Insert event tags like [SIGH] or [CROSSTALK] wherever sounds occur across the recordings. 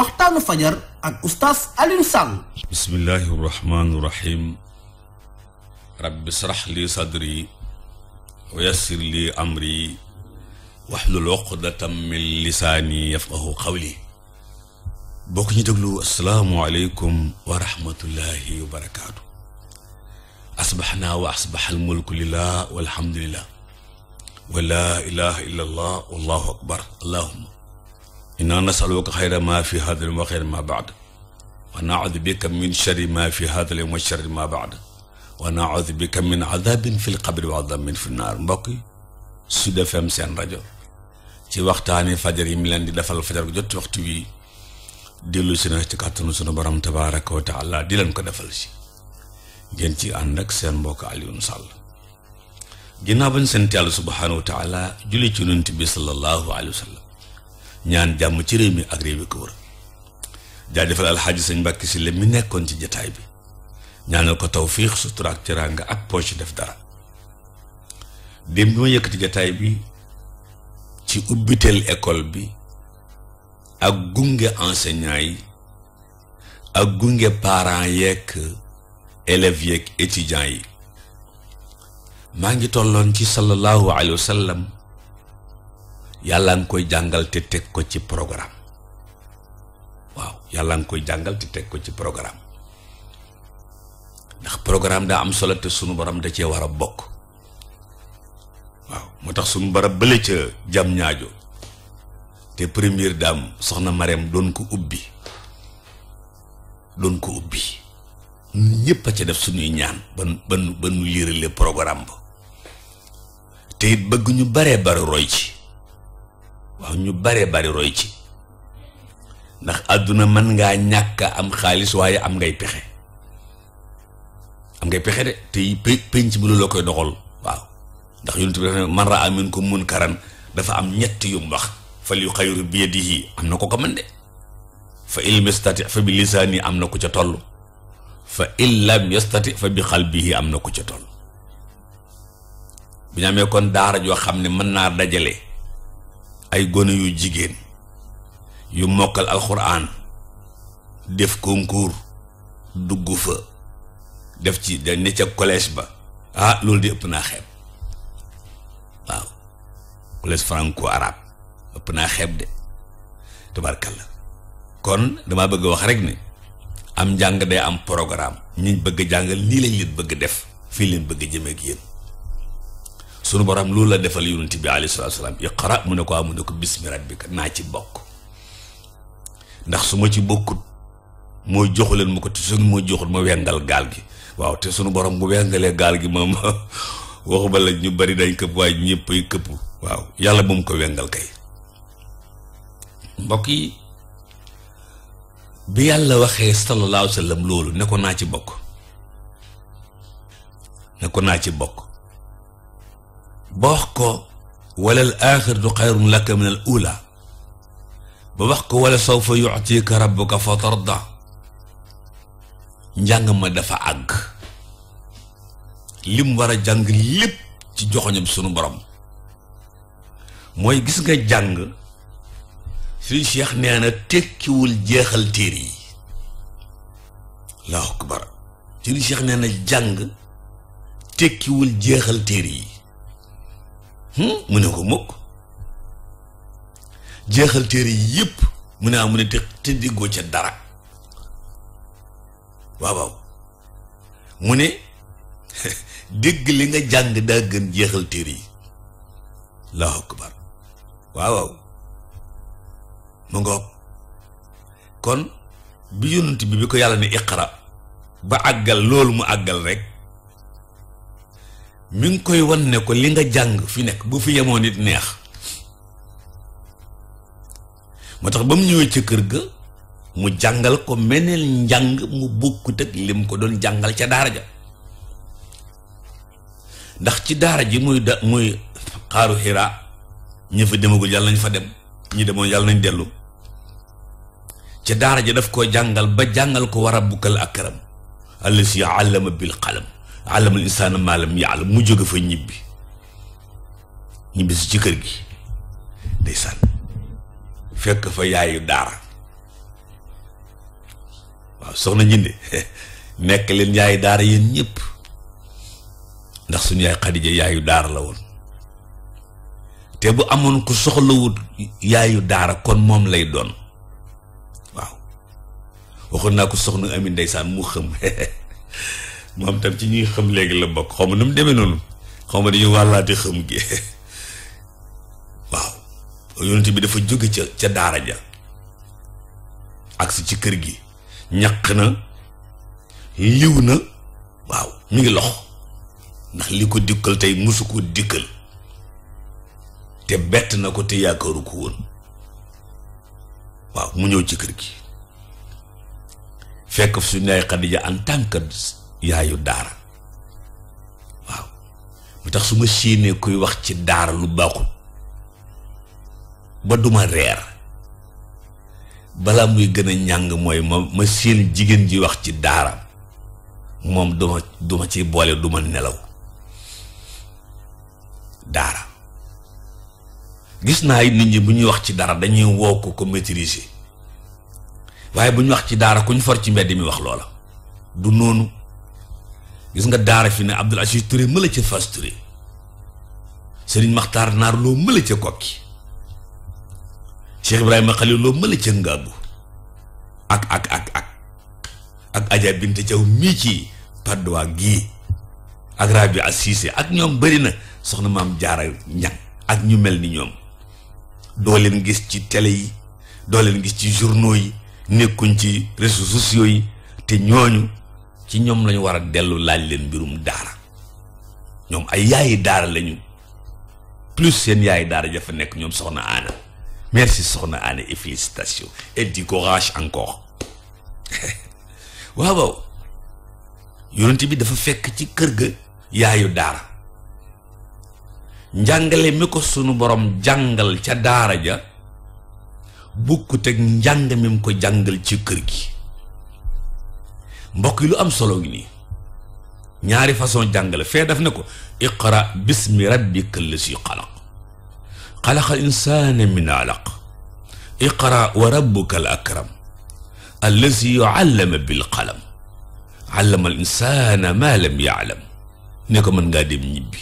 waxtaanu fajar ak ustaas Alioune Sall bismillahi rahmaani rahim rabbi srax li sadri wa yassir li amri waxlul uqdatam min lisaani yafqahu qawli bokk ñu déglu asalaamualeykum wa rahmatullahi wa barakaatu asbaxnaa wa asbaxal mulku lillah walhamdulillah wa laa ilaha illa allah wallahu akbar allahuma inna nasaluka xayra ma fi hada wa xayra ma baad wa naudu bika min sharri ma fi hada wa sharri ma baad wa naudu bika min adabin fi lqabri wa adabin fi naar mbokk yi seen rajo ci waxtaani fajar yi mu leen di defal fajar gu jot waxtu wi dellu si na ci kàttanu sunu borom tabaraka wa taala di leen ko defal si ci ànd ak seen mbokk Alioune Sall ginnaaw bañ sant yàlla subhaanahu wa ñaan jàmm ci réew mi ak réew yi ko wër jaajëfal alxaaji sëñ Mbàkke Sylla mi nekkoon ci jataay bi ñaanal ko tawfiix sutura ak teraanga ak poche def dara démb bi ma yëkkati jataay bi ci ubbiteel école bi ak gunge enseignants yi ak gunge parent yeeg élèves yeeg étudiants yi maa ngi tolloon ci sallallahu alayhi wa yàlla nga koy jàngal te teg ko ci programme waaw yàlla nga koy jàngal te teg ko ci programme ndax programme daa am solo te sunu borom da cee war a bokk waaw moo tax sunu borom bële ca jam ñaajo te première dame soxna Marème doon ko ubbi doon ko ubbi ñun a ca def suñuy ñaan ba nu ba nu ba nu ba te bëgg ñu baree bari roy ci waaw ñu bare bari roy ci ndax àdduna mën ngaa ñàkk am xaalis waaye am ngay pexe am ngay pexe de te pénc bi loolu la koy doxal waaw ndax yonent bi dafa ne man raa minkum munkaran dafa am ñett yu mu fa fal yuxayyir bi yadihi am na ko ko mën de fa in lam fa bi lisaani am na ko ca toll fa in lam am na ko ca toll bi ñu amee kon daara joo xam ne mën naa dajale ay gone yu jigéen yu mokkal alxuraan def concours dugg fa def ci da ne ca collège ba ah loolu di ëpp naa xeeb waaw collège franco arabe ëpp naa xeeb de tubarkalla kon dama bëgg wax rek ne am njàng de am programme ñiñ bëgg jàng lii lañ leen bëgg def fii leen bëgg jëmee ak sunu borom loolu la defal yonent bi alayhi salaatu salaam iqra mu ne ko mu ne ko bismi rabbika naa ci bokk ndax su ma ci bokkut moo joxu ma ko te moo joxul ma wengal gaal gi waaw te sunu borom bu wengalee gaal gi moom [LAUGHS] waxuma la bari dañ këpp waaye ñëpp ay këpp waaw yàlla bu mu ko wengal kay mbokk yi bi yàlla waxee sallallahu alayhi wa loolu ne ko naa ci bokk ne ko naa ci bokk ba wax ko wala al axiratu xayrun laka min al ba wax ko wala sawfa yutika rabbuka fa tarda njàng ma dafa àgg lim war a jàng lépp ci joxoñam sunu borom mooy gis nga jàng suñu cheikh nee na jeexal téere yi allahu akbar suñu cheikh nee jàng tekkiwul jeexal téere yi Hmm? mu ne ko mukk jeexal téere yëpp mu ne ah mu ne te te diggoo ca dara waaw mu ne [LAUGHS] dégg li nga jàng daa gën jeexal téere yi allahu akbar waaw waaw mu ngoog kon bi yonent bi bi ko yàlla ne iqra ba àggal loolu mu àggal rek mi ngi koy wan ne ko li nga jàng fi nekk bu fi yemoon it neex moo tax ba mu ñëwee ca kër ga mu jàngal ko meneel njàng mu bokkut ak lim ko doon jàngal ca daara ja ndax ci daara ji muy da muy xaaru xiraa ñi fa demagul yàlla nañ fa dem ñi demoon yàlla nañ dellu ca daara ja daf koo jàngal ba jàngal ko war a bukkal ak këram allasi allama bil qalam alamal insaana maalam yàlla mu jóge fa ñibbi ñibbi si ci kër gi ndeysaan fekk fa yaayu daara waaw soxna njinde [LAUGHS] nekk leen yaayu daara yéen ñëpp ndax suñu yaay yaayu daara la woon te bu amoon ku soxlawut yaayu daara kon moom lay doon waaw waxoon naa ko soxna ami ndeysaan mu xëm [LAUGHS] moom tam ci ñuy xam léegi la bokk xaw ma nu mu demee noonu xaw ma dañu wàllaate xam gi waaw yonent bi dafa jóge ca ca daara ja agsi ci kër gi ñaq na liw na waaw mi ngi lox ndax li ko dikkal tey musu ko dikkal te bett na ko te yaakaaru ko woon waaw mu ñëw ci kër gi fekk su nay Xadija en tant que yaayu daara waaw mu tax su ma siinee kuy wax ci daara lu baaxul ba duma reer balaa muy gën a njàng mooy ma ma siin jigéen ji wax ci daara moom duma duma ci boole duma nelaw daara gis naa ay nit ñi bu ñuy wax ci dara dañuy woo ko ko waaye bu ñu wax ci daara ku ñu for ci mbedd mi wax loola du noonu gis nga daara fi ne Abdoul Aziz Touré mëla ca Fass Touré Serigne Makhtar Naar loo mëla ca Kokki Cheikh Ibrahima Khalil loo mëla ca Ngaabu ak ak ak ak ak Adja Binta Thiaw mii ci Padoa gii ak Rabi Assise ak ñoom bëri na soxna maam jaara ñag ak ñu mel ni ñoom doo leen gis ci télé yi doo leen gis ci journaux yi nekkuñ ci réseaux sociaux yi te ñooñu ci ñoom lañu war a dellu laaj leen mbirum daara ñoom ay yaayi daara lañu plus seen yaayi daara jafa nekk ñoom soxna Anna merci soxna Anna et félicitations et du courage encore [LAUGHS] waaw waaw yonent bi dafa fekk ci kër ga yaayu daara njàngale mi ko sunu borom jàngal ca daara ja bukkut ak njàng mi mu ko jàngal ci kër gi mbokk yi lu am solo ngi nii ñaari façon jàngale fee daf ne ko iqra bismi rabbika allasi xalaq xalaqa insaana min alaq iqra wa rabbuka al akram allasi allama bil qalam allama al insaana ma lam yaalam ne ko mën ngaa dem ñibbi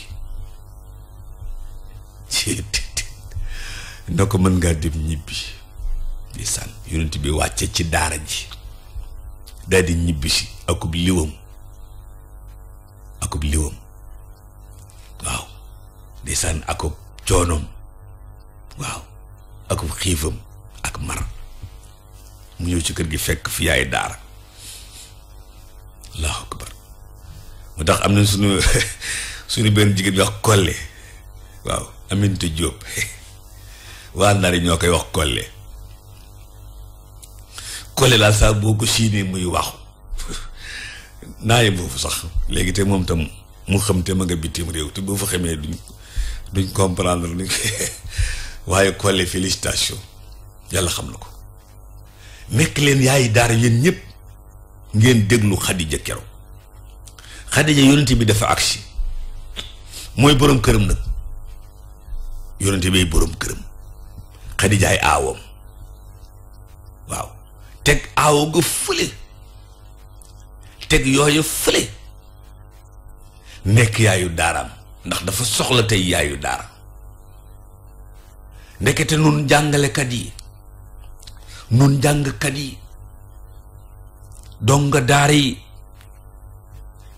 [LAUGHS] ne ko mën ngaa dem ñibbi bi wàcce ci daara daal di ñibbisi akub liwam akub liwam waaw ndeysaan akub coonoom waaw akub xiifam ak mar mu ñëw ci kër gi fekk fi yaay daara allahu akbar mu tax am na suñu [LAUGHS] suñu benn jigéen bi kolle waaw aminte jóob [LAUGHS] waa ndari ñoo koy wax kolle kole daal saa boo ko siinee muy waxu naa yem foofu sax léegi te moom tam mu xam te ma nga bitim réew te boo fa xamee duñ duñ comprendre luñ [LAUGHS] waaye kole félicitation yàlla xam na ko nekk leen yaay daara yéen ñëpp ngeen déglu Xadija keroog Xadija yonent bi dafa agsi mooy boroom këram nag yonent bi boroom këram Xadijaay aawam teg aawo ga fële teg yooya fële nekk yaayu daaraam ndax dafa soxla tey yaayu daara ndekete nun jàngalekat yi nun jàngkat yi donga daara yi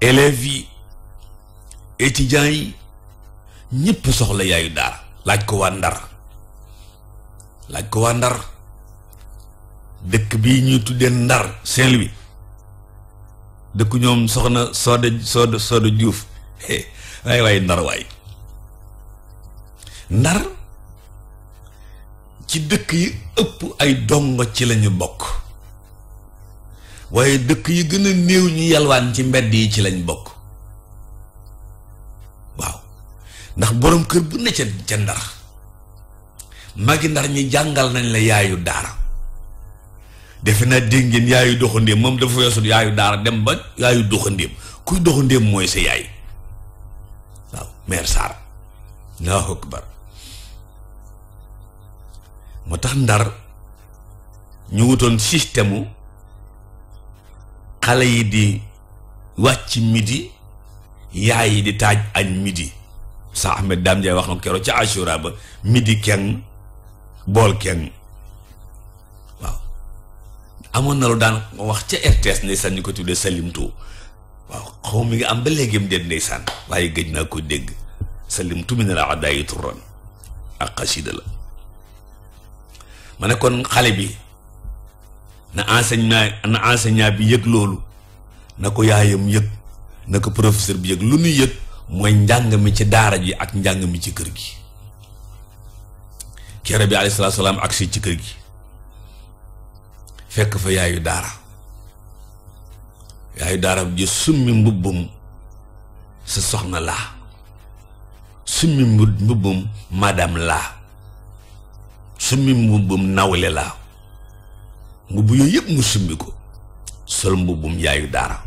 élèves yi étudiants yi ñëpp soxla yaayu daara laaj ko waa ndar laaj ko waa ndar dëkk bii ñu tuddee Ndar Saint-Louis dëkk ñoom soxna Soda Soda Soda Diouf waaye waaye Ndar waay Ndar ci dëkk yi ëpp ay dongo ci lañu bokk waaye dëkk yi gën a néew ñu yalwaan ci mbedd yi ci lañ bokk waaw ndax boroom kër bu ne ca ca Ndar magi Ndar ñi jàngal nañ la yaayu daara defe na dégg ngeen yaayu doxandéem moom dafa weesu yaayu daara dem ba yaayu doxandéem kuy doxandéem mooy sa yaay waaw mère Sarr Allahu akbar moo tax ndar ñu wutoon système xale yi di wàcc midi yaay yi di taaj añ midi sa Ahmed Dame Ndiaye wax na keroog ca Ashura ba midi keng bool keng amoon na lu daan wax ca RTS ndeysaan ñu ko tuddee Salimto waaw xaw mi ngi am ba léegi mu déet ndeysaan waaye gëj naa ko dégg Salimtu mi ne la adaayi turan ak xasida la ma kon xale bi na enseignant na enseignant bi yëg loolu na ko yaayam yëg na ko professeur bi yëg lu nu yëg mooy njàng mi ci daara ji ak njàng mi ci kër gi kere bi alayhi salaatu salaam agsi ci kër gi fekk fa yaayu daara yaayu daara ji summi mbubbum sa soxna laa summi mbubbum madame laa summi mbubbum nawle laa mbubb yooyu yëpp mu summi ko sol mbubbum yaayu daara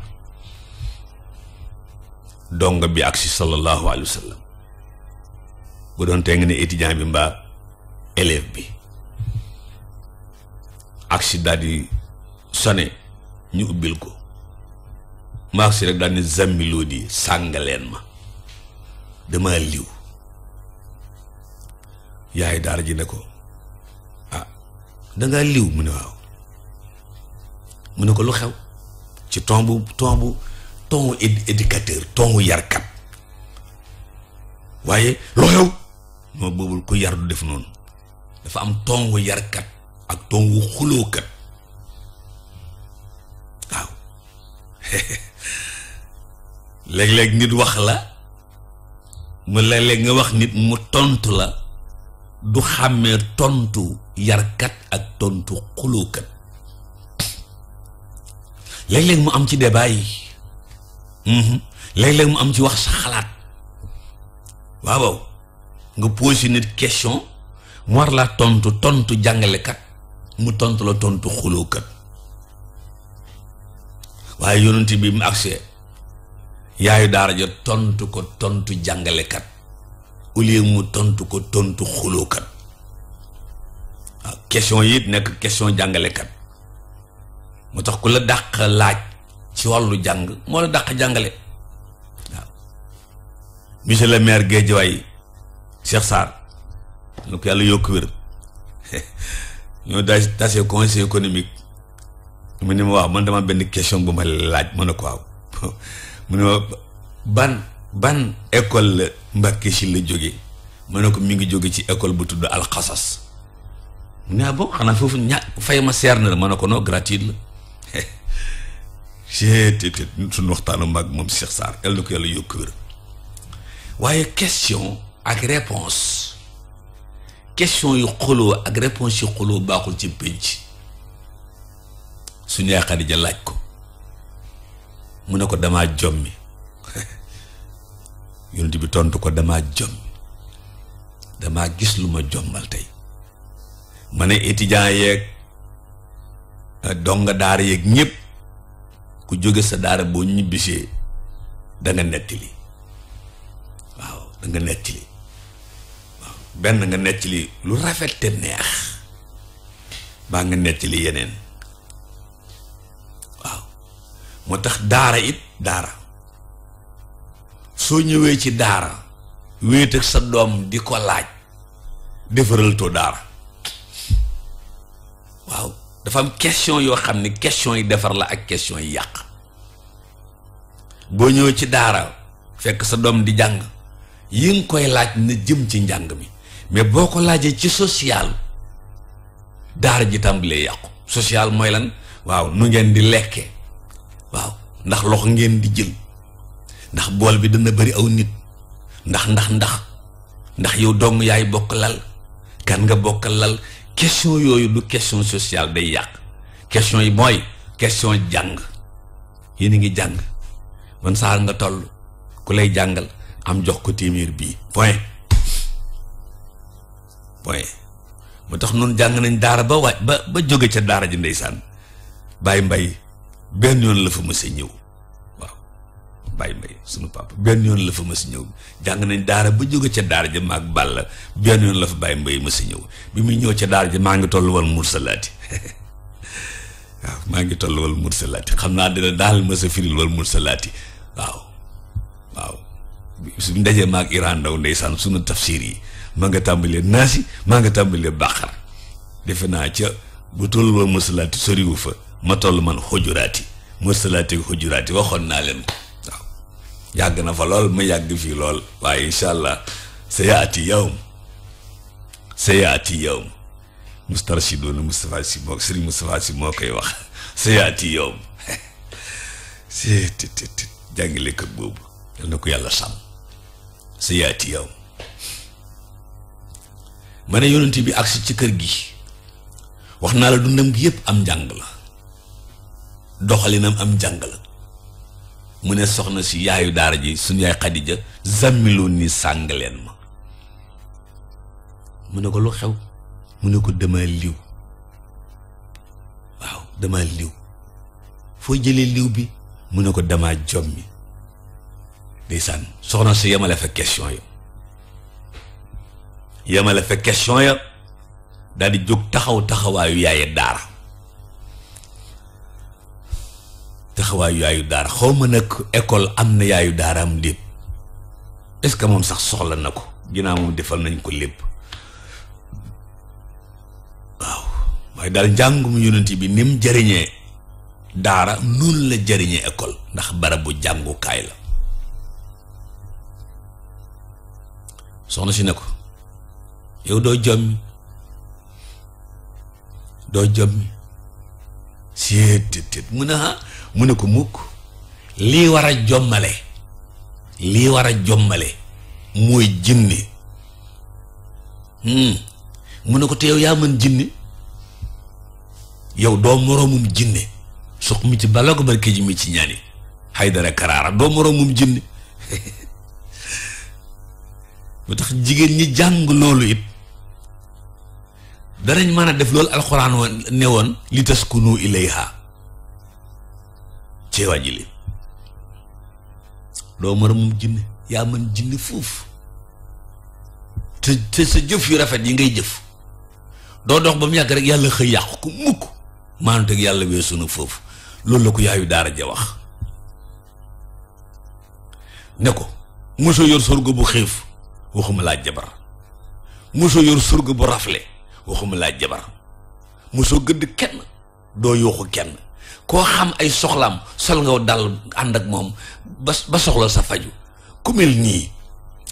donga bi agsi sallallahu alayhi wa bi agsi daal di sone ñu ubbil ko ma agsi rek daal ni zammiloo di sàng ma dama liw yaay daara ji ne ko ah dangaa liw mu ne waaw mu ne ko lu xew ci ton bu ton bu ton éducateur ton yarkat waaye lu xew moo boobul ku yar du def noonu dafa am ton yarkat ak ton wu xulookat waaw [LAUGHS] léeg-léeg nit wax la mu léeg-léeg nga wax nit mu tontu la du xàmmee tontu yarkat ak tontu xulookat léeg-léeg mu am ci débat yi mhm. léeg-léeg mu am ci wax sa xalaat waaw nga posé nit question mu war laa tontu tontu jàngalekat mu tontu la tontu xulookat waaye yonent bi mu agsee yaayu daara ja tontu ko tontu jàngalekat au lieu mu tontu ko tontu xulookat waaw question yi nekk question jàngalekat mu tax ku la dàq laaj ci wàllu jàng moo la dàq jàngale waaw monsieur le maire Guédiawaye Cheikh Sarr nu ko yàlla yokk wér ñoo daaj tase conseil économique mu ne ma waaw man dama benn question bu ma laaj ma ne ko waaw [LAUGHS] mu ne ma ban ban école la Mbàkke si la jóge ma ne ko mi ngi jóge ci école bu tudd alxasas mu ne ah bon xanaa foofu ña fay ma seer na la ma ne ko non gratuite la c'est [LAUGHS] waxtaanu mag moom Cheikh Sarr yàlla na ko yàlla yokk wér waaye question ak réponse question yu xuloo ak réponse yu xuloo baaxul ci pénc suñu yaakaar ja laaj ko mu ne ko damaa jommi [LAUGHS] yonent bi tontu ko damaa jommi damaa gis lu ma jommal tey ma ne étudiant yeeg eh, donga daara yeeg ñëpp ku jóge sa daara boo ñibbisee da nga nettali waaw da nga nettali benn nga necc li lu rafet te neex baa nga necc li yeneen waaw moo tax daara it daara soo ñëwee ci daara wéet ak sa doom di ko laaj defaral too daara waaw dafam question yoo xam ne question yi defar la ak question yi yàq boo ñëwee ci daara fekk sa doom di jàng yi nga koy laaj na jëm ci njàng mi mais boo ko laajee ci social daara ji tàmbalee yàqu social mooy lan waaw nu ngeen di lekke waaw ndax loxo ngeen di jël ndax bool bi dana bari aw nit ndax ndax ndax ndax yow dong yaay bokk lal kan nga bokk lal question yooyu du question sociale day yàq question yi mooy question jàng yéen a ngi jàng man saar nga toll ku lay jàngal am jox ko téeméer bii point moo tax noonu jàng nañ daara ba waaj ba ba jóge ca daara ji ndeysaan baay mbay benn yoon la fa mës a ñëw waaw bàyyi sunu papa benn yoon la fa mës ñëw jàng nañ daara ba jóge ca daara ji maag bàll benn yoon la fa mbay mës a ñëw bi muy ñëw ca daara ji maa ngi toll wal mursalaati [LAUGHS] waaw maa ngi toll wal mursalaati xam naa dina daal mës a firil wal mursalaati waaw waaw suñ dajee maag Iran Ndaw ndeysaan sunu tafsir yi ma nga tàmbalee naasi maa nga tàmbalee bàqar defe naa ca bu toll woon mësalaati soriwu fa ma toll man xujuraati mësalaati xujuraati waxoon naa leen yàgg na fa lool ma yàgg fii lool waaye incha allah sa yaati yawm sa yaati yawm mustarchidoona Moustapha Sy moo Serigne moo koy wax sa yaati yawm [LAUGHS] si tit tit jàngile ko boobu yal na ko yàlla sàmm sa yaati yawm mane ne bi agsi ci kër gi wax naa la dundam gi yépp am njàng la doxalinam am njàng la mu ne soxna si yaayu daara ji suñu yaay Xadija zàmmiloo ni sàng leen ma mu ne ko lu xew mu ne ko dama liw waaw dama liw foo jëlee liw bi mu ne ko dama jommi ndeysaan soxna si yemale fa question yi yemale fa question ya daal di jóg taxaw taxawaayu yaaye daara taxawaayu yaayu daara xaw ma nag ecole am na yaayu daara am déet est-ce que moom sax soxla na ko ginnaaw moom defal nañ ko lépp waaw waaye daal njàngum yonent bi ni mu jëriñee daara noonu la jëriñee école ndax barabu jàngukaay la soxna si ne ko yow doo jommi doo jommi siéttt mu ne ah mu ne ko mukk lii war a jommale lii war a jommale mooy jinne hmm. mun ne ko te yow yaa mën jinne yow doo moroomum jinne sox mi ci balaa ko barke ji mi ci ñaani Haydara Karaara doo moroomum jinne bu [LAUGHS] tax jigéen ñi jàng loolu it danañ mën a def loolu alxuraan woon ne woon li taskunu ilayha ceewaa ji li doo mën a moom jinne yaa mën jinne foofu te te sa jëf yu rafet yi ngay jëf doo dox ba mu yàgg rek yàlla xëy yàqu ko mukk maanut ak yàlla weesu na foofu loolu la ko yaayu daara ja wax ne ko mosoo yor sorgo bu xiif waxuma laa jabar mosoo yor sorgo bu rafle waxuma laa jabar soo gëdd kenn doo yuuxu kenn koo xam ay soxlaam sol nga daal ànd ak moom ba soxla sa faju ku mel nii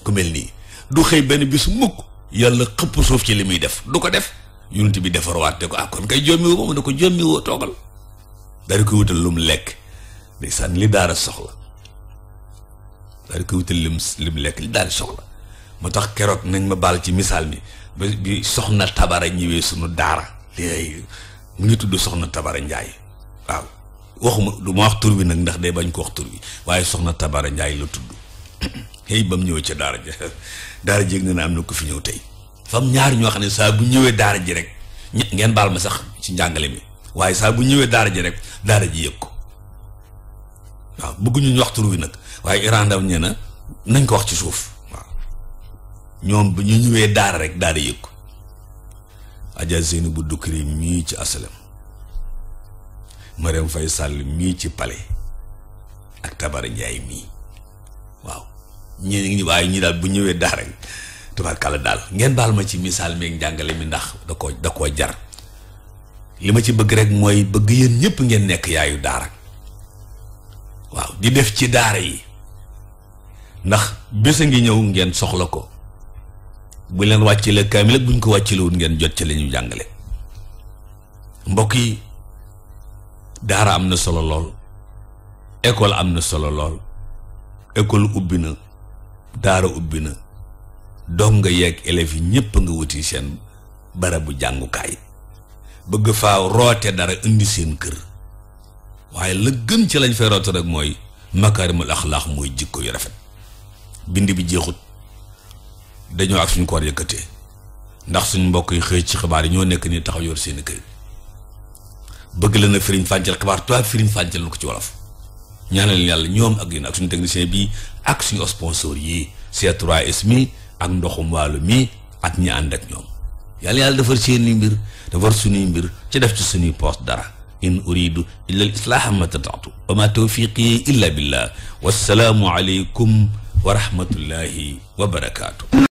ku mel nii du xëy benn bis mukk yàlla xëpp suuf ci li muy def du ko def yunit bi defarwaat ne ko ah kon kay jommi moom ne ko jommi woo toogal daal di koy wutal lu mu lekk ndeysaan li daara soxla daal di koy wutal lekk li daara soxla moo tax keroog nañ ma baal ci misaal mi ba bi soxna tabara ñëwee sunu daara léegi mu ngi tudd soxna tabara njaay waaw waxuma du ma wax tur bi nag ndax de bañ ko wax tur bi waaye soxna tabara njaay la tudd xëy [COUGHS] ba mu ñëwee ca daara ja [COUGHS] daara am na ko fi ñëw fam ñaar ñoo xam ne saa bu ñëwee daara ji rek ngeen baal ma sax ci njàngale mi waaye saa bu ñëwee daara ji rek daara ji yëg ko waaw bëgguñu ñu wax tur bi nag waaye irandaw nee na nañ ko wax ci suuf ñoom bu ñu ñëwee daara rek daara yëg ko Adja Seynabou mii ci asalam Marème Faye Sall mii ci palais ak Tabara Ndiaye mii waaw ñi ñi daal bu ñëwee daara rek tubaarkàlla daal ngeen baal ma ci misaal meeg njàngale mi ndax da koo da koo jar li ma ci bëgg rek mooy bëgg yéen ñëpp ngeen nekk yaayu daara waaw di def ci daara yi ndax bés a ngi ñëw ngeen soxla ko bu leen wàccilee kaamil ak bu ñu ko wàccileewul ngeen jot ci la jàngale mbokk yi daara am na solo lool école am na solo lool école ubbi na daara ubbi na doom nga yeeg élèves yi ñépp nga wuti seen barabu jàngukaay bëgg faa roote dara indi seen kër waaye la gën ci lañ fay roote rek mooy makaarimul axlaax mooy jikko yu rafet bind bi jeexut dañoo ak suñ ko war yëkkatee ndax suñu mbokk yi xëy ci xibaar yi ñoo nekk nii taxaw yor seen bëgg la na firiñ fàncal xibaar toi firiñ fàncal lu ko ci wolof ñaanal yàlla ñoom ak yéen ak suñu technicien bi ak suñu sponsor yi seet 3 s ak ndoxum waalu mi ak ñi ànd ak ñoom yàlla yàlla defar seeni mbir defar suñuy mbir ci def ci suñuy poste dara in uridu illa al islaaha ma tataatu wa ma tawfiqi illa billah wassalaamu aleykum wa